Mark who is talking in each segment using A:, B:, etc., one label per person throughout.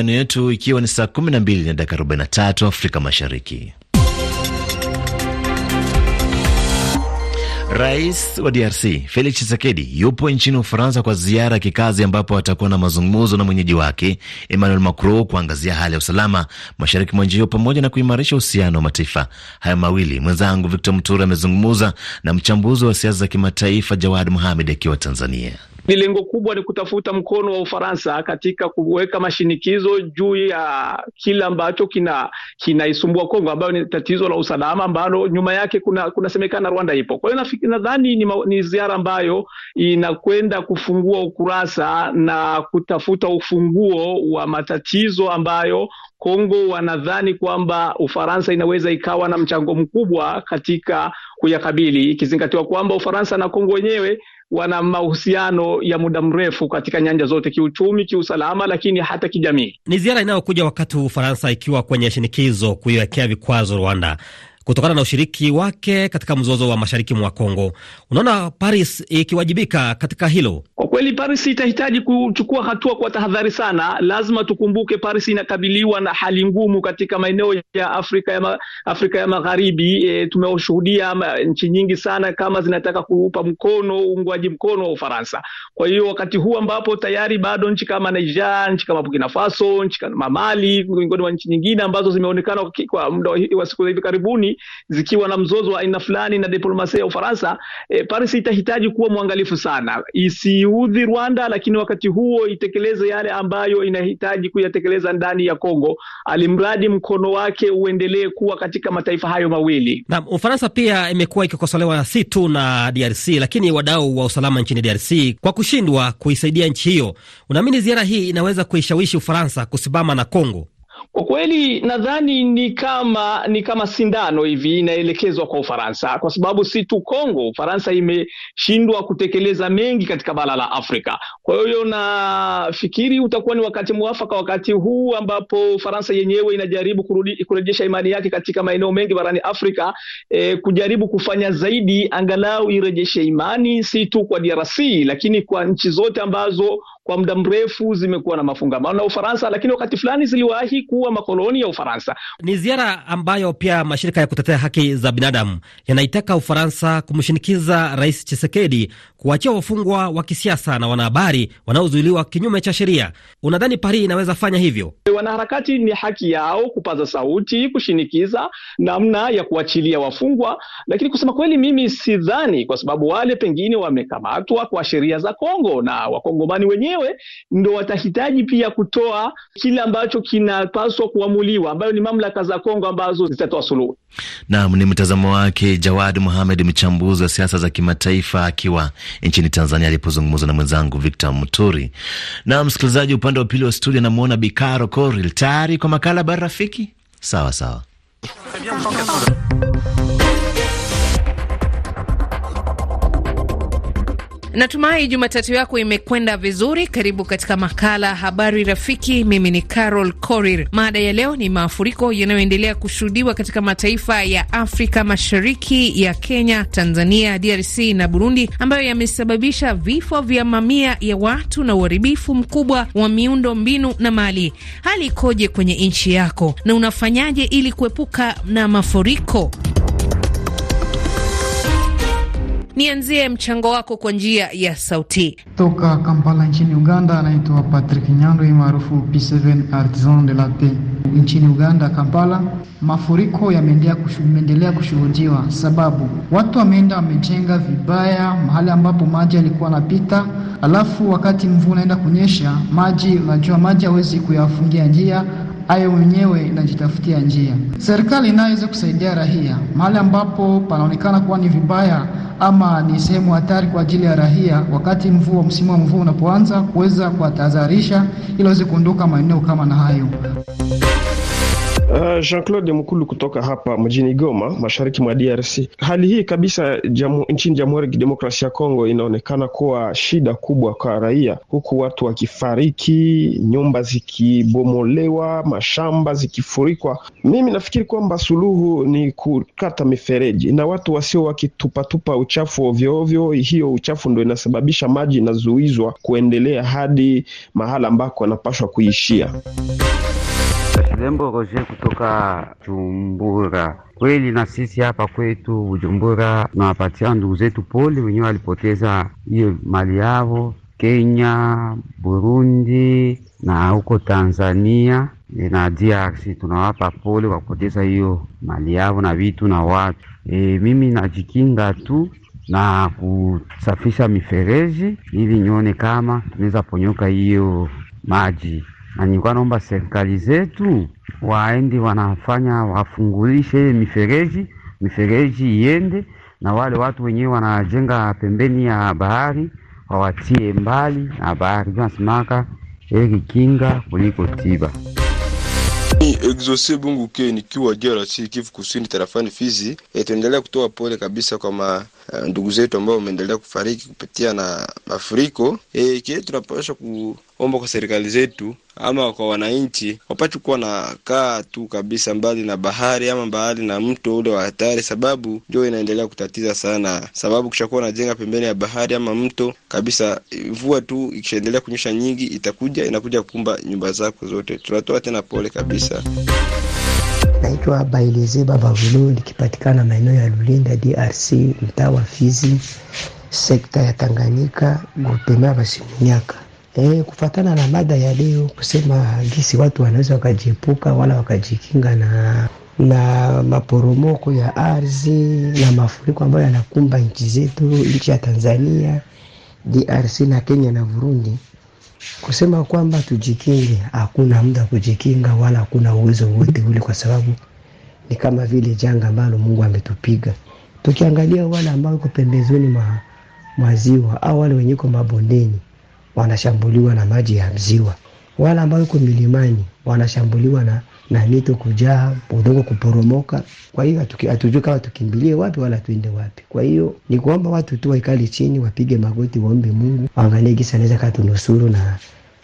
A: Eneo yetu ikiwa ni saa 12 na dakika 43 Afrika Mashariki. Rais wa DRC Felix Tshisekedi yupo nchini Ufaransa kwa ziara ya kikazi ambapo atakuwa na mazungumzo na mwenyeji wake Emmanuel Macron kuangazia hali ya usalama mashariki mwa nchi hiyo pamoja na kuimarisha uhusiano wa mataifa haya mawili. Mwenzangu Victor mture amezungumza na mchambuzi wa siasa za kimataifa Jawad muhamed akiwa Tanzania
B: ni lengo kubwa ni kutafuta mkono wa Ufaransa katika kuweka mashinikizo juu ya kile ambacho kina kinaisumbua Kongo, ambayo ni tatizo la usalama ambalo nyuma yake kuna kunasemekana Rwanda ipo. Kwa hiyo nadhani ni, ni ziara ambayo inakwenda kufungua ukurasa na kutafuta ufunguo wa matatizo ambayo Kongo wanadhani kwamba Ufaransa inaweza ikawa na mchango mkubwa katika kuyakabili, ikizingatiwa kwamba Ufaransa na Kongo wenyewe wana mahusiano ya muda mrefu katika nyanja zote, kiuchumi, kiusalama, lakini hata kijamii.
C: Ni ziara inayokuja wakati Ufaransa ikiwa kwenye shinikizo kuiwekea vikwazo Rwanda kutokana na ushiriki wake katika mzozo wa mashariki mwa Kongo. Unaona Paris ikiwajibika katika hilo?
B: Kwa kweli, Paris itahitaji kuchukua hatua kwa tahadhari sana. Lazima tukumbuke, Paris inakabiliwa na hali ngumu katika maeneo ya Afrika ya, ma, Afrika ya Magharibi. E, tumeshuhudia nchi nyingi sana kama zinataka kuupa mkono uungwaji mkono wa Ufaransa. Kwa hiyo wakati huu ambapo tayari bado nchi kama Niger, nchi kama Burkina Faso, nchi kama Mali miongoni mwa nchi nyingine ambazo zimeonekana kwa muda wa siku za hivi karibuni zikiwa na mzozo wa aina fulani na diplomasia ya Ufaransa, e, Paris itahitaji kuwa mwangalifu sana isiudhi Rwanda, lakini wakati huo itekeleze yale ambayo inahitaji kuyatekeleza ndani ya Kongo, alimradi mkono wake uendelee kuwa katika mataifa hayo mawili.
C: Na Ufaransa pia imekuwa ikikosolewa si tu na DRC, lakini wadau wa usalama nchini DRC kwa kushindwa kuisaidia nchi hiyo. Unaamini ziara hii inaweza kuishawishi Ufaransa kusimama na Kongo?
B: Kwa kweli nadhani ni kama ni kama sindano hivi inaelekezwa kwa Ufaransa, kwa sababu si tu Kongo, Ufaransa imeshindwa kutekeleza mengi katika bara la Afrika. Kwa hiyo nafikiri utakuwa ni wakati mwafaka, wakati huu ambapo Ufaransa yenyewe inajaribu kurudi, kurejesha imani yake katika maeneo mengi barani Afrika, eh, kujaribu kufanya zaidi, angalau irejeshe imani si tu kwa DRC, lakini kwa nchi zote ambazo kwa muda mrefu zimekuwa na mafungamano na Ufaransa, lakini wakati fulani ziliwahi kuwa makoloni ya Ufaransa. Ni ziara ambayo pia
D: mashirika ya kutetea
B: haki
C: za binadamu yanaitaka Ufaransa kumshinikiza Rais Chisekedi kuachia wafungwa wa kisiasa na wanahabari wanaozuiliwa kinyume cha sheria. Unadhani Paris inaweza fanya hivyo?
B: Wanaharakati ni haki yao kupaza sauti, kushinikiza namna ya kuachilia wafungwa, lakini kusema kweli, mimi sidhani, kwa sababu wale pengine wamekamatwa kwa sheria za Kongo na wakongomani wenyewe wenyewe ndo watahitaji pia kutoa kile ambacho kinapaswa kuamuliwa, ambayo ni mamlaka za Kongo ambazo zitatoa suluhu.
A: Naam, ni mtazamo wake Jawad muhamed mchambuzi wa siasa za kimataifa akiwa nchini Tanzania, alipozungumza na mwenzangu Victor Muturi. Na msikilizaji, upande wa pili wa studio anamwona Bikaro Koril tayari kwa makala Bara Rafiki. Sawa sawa
E: Natumai Jumatatu yako imekwenda vizuri. Karibu katika makala Habari Rafiki. Mimi ni Carol Korir. Mada ya leo ni mafuriko yanayoendelea kushuhudiwa katika mataifa ya Afrika Mashariki ya Kenya, Tanzania, DRC na Burundi, ambayo yamesababisha vifo vya mamia ya watu na uharibifu mkubwa wa miundo mbinu na mali. Hali ikoje kwenye nchi yako na unafanyaje ili kuepuka na mafuriko? Nianzie mchango wako kwa njia ya sauti
F: toka Kampala nchini Uganda. Anaitwa Patrick Nyandwi maarufu P7 Artisan de la Paix nchini Uganda, Kampala. Mafuriko yameendelea kushuhudiwa, sababu watu wameenda wamejenga vibaya mahali ambapo maji yalikuwa anapita, alafu wakati mvua unaenda kunyesha, maji unajua, maji hawezi kuyafungia njia ayo wenyewe inajitafutia njia. Serikali inayoweza kusaidia rahia mahali ambapo panaonekana kuwa ni vibaya, ama ni sehemu hatari kwa ajili ya rahia wakati mvua, msimu wa mvua unapoanza, kuweza kuwatahadharisha ili waweze kuondoka maeneo kama na hayo.
C: Uh, Jean-Claude Mkulu kutoka hapa mjini Goma, mashariki mwa DRC. Hali hii kabisa jamu, nchini Jamhuri ya Kidemokrasia ya Kongo inaonekana kuwa shida kubwa kwa raia, huku watu wakifariki, nyumba zikibomolewa, mashamba zikifurikwa. Mimi nafikiri kwamba suluhu ni kukata mifereji na watu wasio wakitupatupa uchafu ovyoovyo. Hiyo uchafu ndo inasababisha maji inazuizwa kuendelea hadi mahala ambako anapashwa kuishia. Lembo Roger kutoka Jumbura. Kweli na sisi hapa kwetu Bujumbura tunawapatia ndugu zetu pole, wenyewe walipoteza hiyo mali yao Kenya, Burundi na huko Tanzania na DRC tunawapa pole kwa kupoteza hiyo mali yao na vitu na watu. E, mimi najikinga tu na kusafisha mifereji ili nione kama tunaweza ponyoka hiyo maji na nilikuwa naomba serikali zetu waende wanafanya wafungulishe mifereji, mifereji iende, na wale watu wenyewe wanajenga pembeni ya bahari wawatie mbali na bahari. Nasimaka heri kinga kuliko tiba. Exose Bungu ke nikiwa DRC Kivu Kusini tarafani Fizi. E, eh, tuendelea kutoa pole kabisa kwa ma eh, ndugu zetu ambao wameendelea kufariki kupitia na mafuriko. E, eh, kile tunapaswa ku omba kwa serikali zetu ama kwa wananchi wapate kuwa na kaa tu kabisa mbali na bahari ama mbali na mto ule wa hatari, sababu ndio inaendelea kutatiza sana, sababu kishakuwa najenga pembeni ya bahari ama mto kabisa, mvua tu ikishaendelea kunyesha nyingi, itakuja inakuja kukumba nyumba zako zote. Tunatoa tena pole kabisa.
D: Naitwa Baba Vulu, likipatikana maeneo ya Lulinda, DRC, mtaa wa Fizi, sekta ya Tanganyika, grupema Basiminyaka. E, eh, kufatana na mada ya leo kusema gisi watu wanaweza wakajiepuka wala wakajikinga na na maporomoko ya ardhi na mafuriko ambayo yanakumba nchi zetu, nchi ya Tanzania, DRC na Kenya na Burundi. Kusema kwamba tujikinge, hakuna muda kujikinga wala hakuna uwezo wote ule, kwa sababu ni kama vile janga ambalo Mungu ametupiga. Tukiangalia wale ambao uko pembezoni mwa maziwa au wale wenye mabondeni wanashambuliwa na maji ya mziwa. wale ambao uko milimani wanashambuliwa na, na mito kujaa, udongo kuporomoka. Kwa hiyo hatujui kama tukimbilie wapi wala tuende wapi. Kwa hiyo ni kuomba watu tu waikali chini, wapige magoti, waombe Mungu, waangalie gisa anaweza kaa tunusuru na,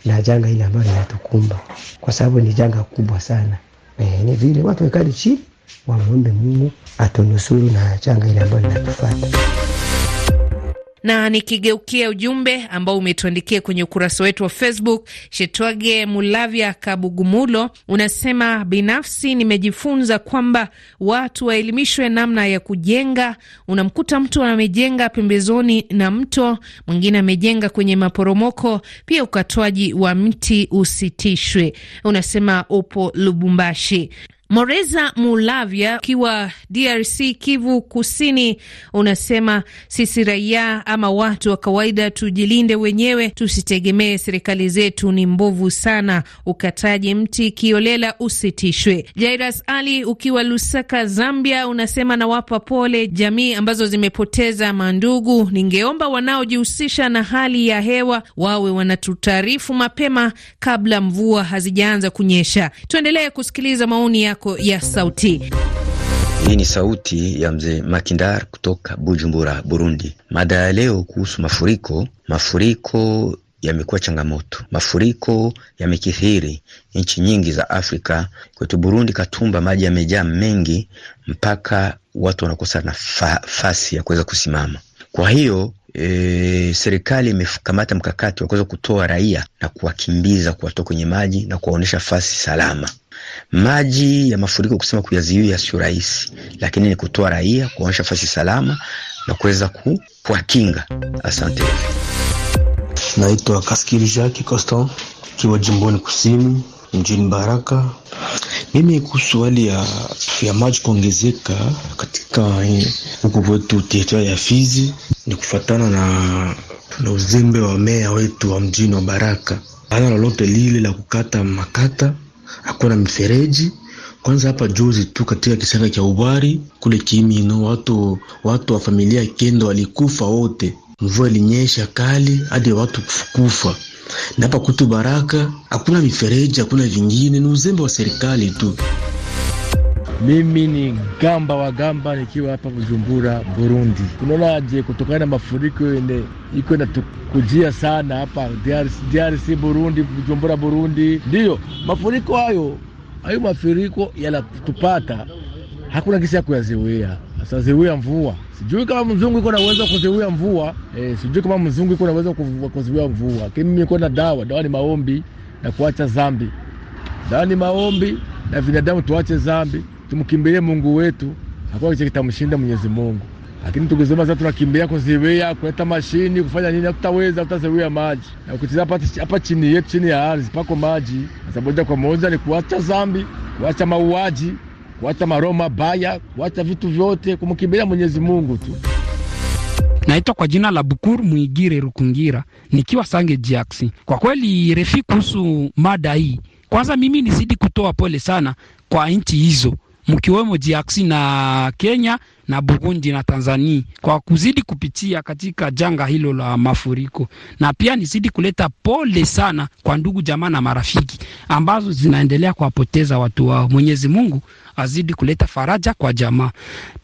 D: na janga ile ambayo linatukumba, kwa sababu ni janga kubwa sana. E, ni vile watu waikali chini, wamwombe Mungu atunusuru na janga ile ambayo linatufata.
E: Na nikigeukia ujumbe ambao umetuandikia kwenye ukurasa wetu wa Facebook, Shetwage Mulavya Kabugumulo unasema binafsi nimejifunza kwamba watu waelimishwe namna ya kujenga. Unamkuta mtu amejenga pembezoni na mto, mwingine amejenga kwenye maporomoko. Pia ukatwaji wa mti usitishwe. Unasema upo Lubumbashi. Moreza Mulavya ukiwa DRC Kivu Kusini unasema sisi raia ama watu wa kawaida tujilinde wenyewe, tusitegemee serikali zetu, ni mbovu sana. Ukataji mti kiolela usitishwe. Jairas Ali ukiwa Lusaka, Zambia unasema nawapa pole jamii ambazo zimepoteza mandugu, ningeomba wanaojihusisha na hali ya hewa wawe wanatutaarifu mapema kabla mvua hazijaanza kunyesha. Tuendelee kusikiliza maoni ya yako ya sauti.
C: Hii ni sauti ya mzee Makindar kutoka Bujumbura, Burundi. Mada ya leo kuhusu mafuriko. Mafuriko yamekuwa changamoto, mafuriko yamekithiri nchi nyingi za Afrika. Kwetu Burundi, Katumba, maji yamejaa mengi mpaka watu wanakosa nafasi ya kuweza kusimama. Kwa hiyo e, serikali imekamata mkakati wa kuweza kutoa raia na kuwakimbiza, kuwatoa kwenye maji na kuwaonyesha fasi salama. Maji ya mafuriko kusema kuyazuia sio rahisi, lakini ni kutoa raia kuonyesha fasi salama na kuweza kuwakinga. Asante. Naitwa Kaskiri Jacques Kosto kiwa jimboni kusini mjini Baraka. Mimi kuhusu hali ya, ya maji kuongezeka katika huku kwetu teritoria ya Fizi ni kufatana na, na uzembe wa meya wetu wa mjini wa Baraka. Hana lolote lile la kukata makata hakuna mfereji. Kwanza hapa juzi tu katika kisanga cha Ubwari kule Kimino, watu watu wa familia kendo walikufa wote, mvua ilinyesha kali hadi watu kufukufa Na hapa kutu Baraka hakuna mifereji, hakuna vingine, ni
B: uzembe wa serikali tu. Mimi ni gamba wa gamba nikiwa hapa Bujumbura, Burundi. Unaonaje kutokana na mafuriko yenye iko inatukujia sana hapa DRC, DRC Burundi, Bujumbura Burundi? Ndiyo, mafuriko hayo hayo mafuriko yanatupata, hakuna gisi ya kuyaziwia. Sasa ziwia mvua, sijui kama mzungu iko naweza kuziwia mvua e, sijui kama mzungu iko naweza kuziwia mvua, lakini mimi niko na dawa. Dawa ni maombi na kuacha zambi. Dawa ni maombi na binadamu tuache zambi tumkimbilie Mungu wetu, hakuna kitu kitamshinda Mwenyezi Mungu. Lakini tukisema sasa tunakimbia kuziwia kuleta mashini kufanya nini, hatutaweza, hatutaziwia maji. Na ukitiza hapa hapa chini yetu, chini ya ardhi pako maji. Sasa moja kwa moja ni kuacha zambi, kuacha mauaji, kuacha maroho mabaya, kuacha vitu vyote, kumkimbilia Mwenyezi Mungu tu.
F: Naitwa kwa jina la Bukuru Mwigire Rukungira nikiwa Sange Jaksi. Kwa kweli refi kuhusu mada hii, kwanza mimi nizidi kutoa pole sana kwa nchi hizo mkiwemo DRC na Kenya na Burundi na Tanzania kwa kuzidi kupitia katika janga hilo la mafuriko, na pia nizidi kuleta pole sana kwa ndugu jamaa na marafiki ambazo zinaendelea kuwapoteza watu wao. Mwenyezi Mungu azidi kuleta faraja kwa jamaa.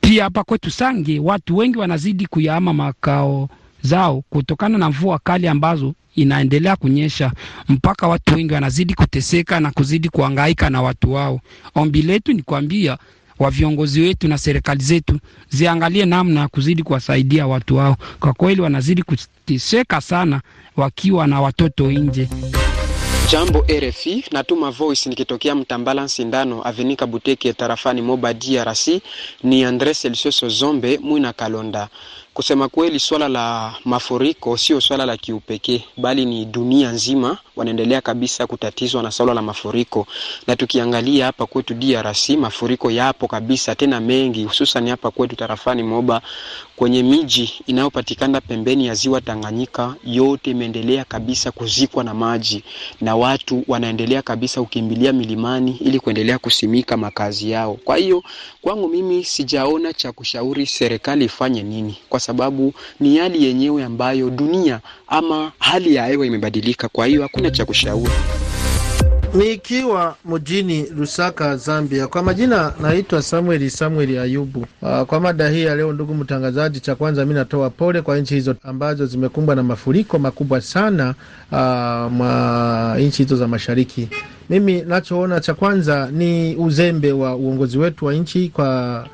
F: Pia hapa kwetu Sange watu wengi wanazidi kuyahama makao zao kutokana na mvua kali ambazo inaendelea kunyesha mpaka watu wengi wanazidi kuteseka na kuzidi kuangaika na watu wao. Ombi letu ni kuambia wa viongozi wetu na serikali zetu ziangalie namna ya kuzidi kuwasaidia watu wao. Kwa kweli wanazidi kuteseka sana wakiwa na watoto nje.
C: Jambo RFI, natuma voice nikitokea Mtambala Sindano Avenika Buteke tarafani Moba DRC. Ni Andre Celsius Zombe Mwina Kalonda. Kusema kweli, swala la mafuriko sio swala la kiupekee, bali ni dunia nzima wanaendelea kabisa kutatizwa na swala la mafuriko, na tukiangalia hapa kwetu DRC mafuriko yapo kabisa tena mengi, hususan hapa kwetu tarafani Moba kwenye miji inayopatikana pembeni ya ziwa Tanganyika, yote imeendelea kabisa kuzikwa na maji na watu wanaendelea kabisa kukimbilia milimani ili kuendelea kusimika makazi yao. Kwa hiyo kwangu mimi sijaona cha kushauri serikali ifanye nini, kwa sababu ni hali yenyewe ambayo dunia ama hali ya hewa imebadilika. Kwa hiyo hakuna kingine cha kushauri.
A: Nikiwa mjini Lusaka, Zambia. Kwa majina naitwa Samuel Samuel Ayubu. Ah, kwa mada hii ya leo, ndugu mtangazaji, cha kwanza mi natoa pole kwa nchi hizo ambazo zimekumbwa na mafuriko makubwa sana ah, mwa nchi hizo za mashariki. Mimi nachoona cha kwanza ni uzembe wa uongozi wetu wa nchi kwa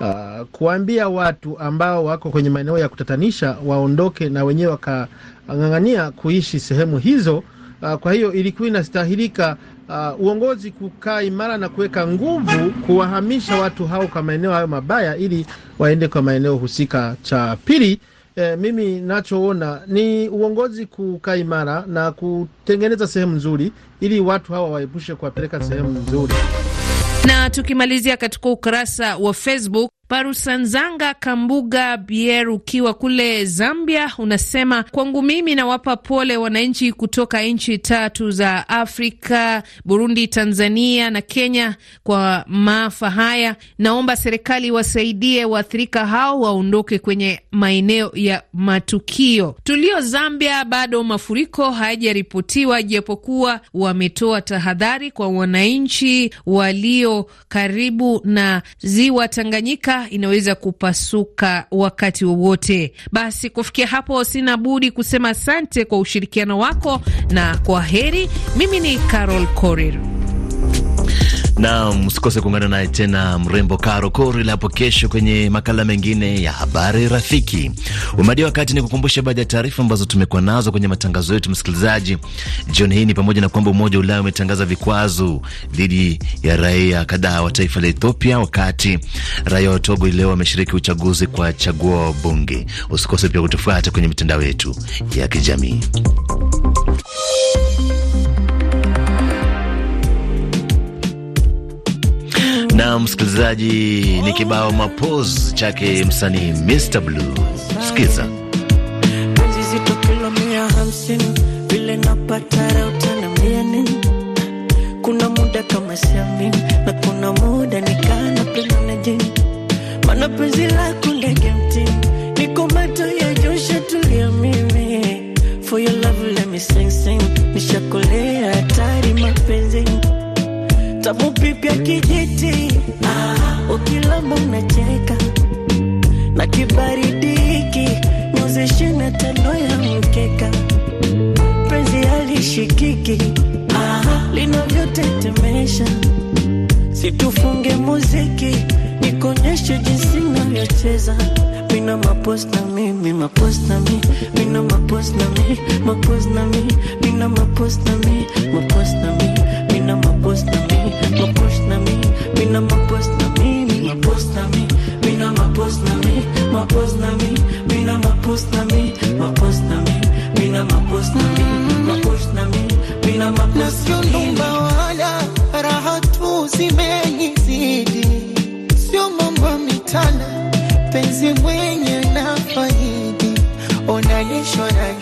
A: Uh, kuambia watu ambao wako kwenye maeneo ya kutatanisha waondoke na wenyewe wakang'ang'ania kuishi sehemu hizo Ah, kwa hiyo ilikuwa inastahilika uh, uongozi kukaa imara na kuweka nguvu kuwahamisha watu hao kwa maeneo hayo mabaya ili waende kwa maeneo husika. Cha pili eh, mimi nachoona ni uongozi kukaa imara na kutengeneza sehemu nzuri ili watu hawa waepushe kuwapeleka sehemu
E: nzuri. Na tukimalizia katika ukurasa wa Facebook Parusanzanga Kambuga Bier, ukiwa kule Zambia, unasema kwangu mimi nawapa pole wananchi kutoka nchi tatu za Afrika, Burundi, Tanzania na Kenya kwa maafa haya. Naomba serikali wasaidie waathirika hao waondoke kwenye maeneo ya matukio. Tulio Zambia, bado mafuriko hayajaripotiwa, japokuwa wametoa tahadhari kwa wananchi walio karibu na ziwa Tanganyika inaweza kupasuka wakati wowote. Basi kufikia hapo, sina budi kusema asante kwa ushirikiano wako na kwa heri. Mimi ni Carol Korir
A: na msikose kuungana naye tena mrembo Karo Kori hapo kesho kwenye makala mengine ya habari rafiki. Umeadia wakati ni kukumbusha baadhi ya taarifa ambazo tumekuwa nazo kwenye matangazo yetu, msikilizaji, jioni hii ni pamoja na kwamba Umoja wa Ulaya umetangaza vikwazo dhidi ya raia kadhaa wa taifa la Ethiopia, wakati raia wa Togo leo wameshiriki uchaguzi kwa chaguo wa bunge. Usikose pia kutufuata kwenye mitandao yetu ya kijamii. na msikilizaji, ni kibao mapos chake msanii Mr Blue. Sikiza
G: kilo mia hamsini vile napata kuna muda kama siamini na kuna muda nikana jini mana penzi lako ndege mtini niko mato ya josha for your love let me sing sing tamu pipya kijiti, ah, ukilamba unacheka na kibaridi hiki, nyuzi ishirini na tano ya mkeka, penzi halishikiki ah, linavyotetemesha, situfunge muziki nikonyeshe jinsi navyocheza mina mapos na mi mi mapos na mi mina mapos na mi mapos na mi mina mapos na mi mapos na mi mina mapost na mi mapost sio mambo penzi mwenye na faidi unalishwa na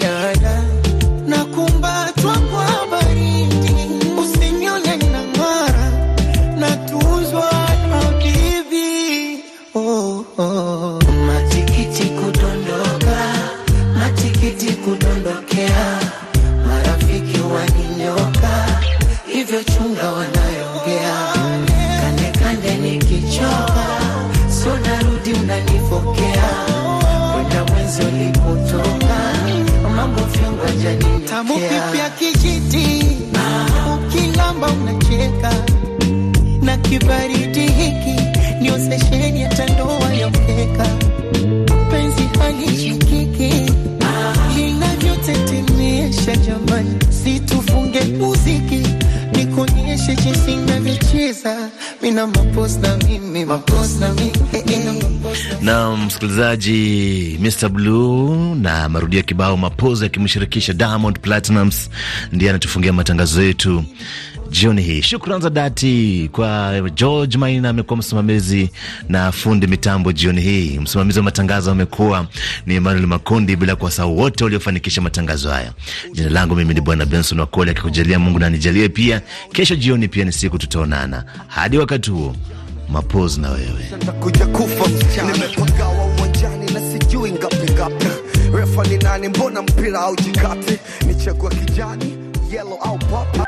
G: kibaridi hiki ya penzi linavyotetemesha. Jamani, situfunge muziki, nikuonyeshe jinsi navyocheza mina mimi mimi
A: na msikilizaji, Mr Blue na marudio kibao mapozo yakimshirikisha Diamond Platnumz ndiye anatufungia matangazo yetu jioni hii. Shukrani za dhati kwa George Maina, amekuwa msimamizi na fundi mitambo jioni hii. Msimamizi wa matangazo amekuwa ni Emmanuel Makundi, bila kuwasahau wote waliofanikisha matangazo haya. Jina langu mimi ni Bwana Benson Wakoli, akikujalia Mungu na nijalie pia, kesho jioni pia ni siku tutaonana. Hadi wakati huo, mapozi na wewe
C: refa ni nani? Mbona mpira haujikati?
B: Nichagua kijani, yellow au papa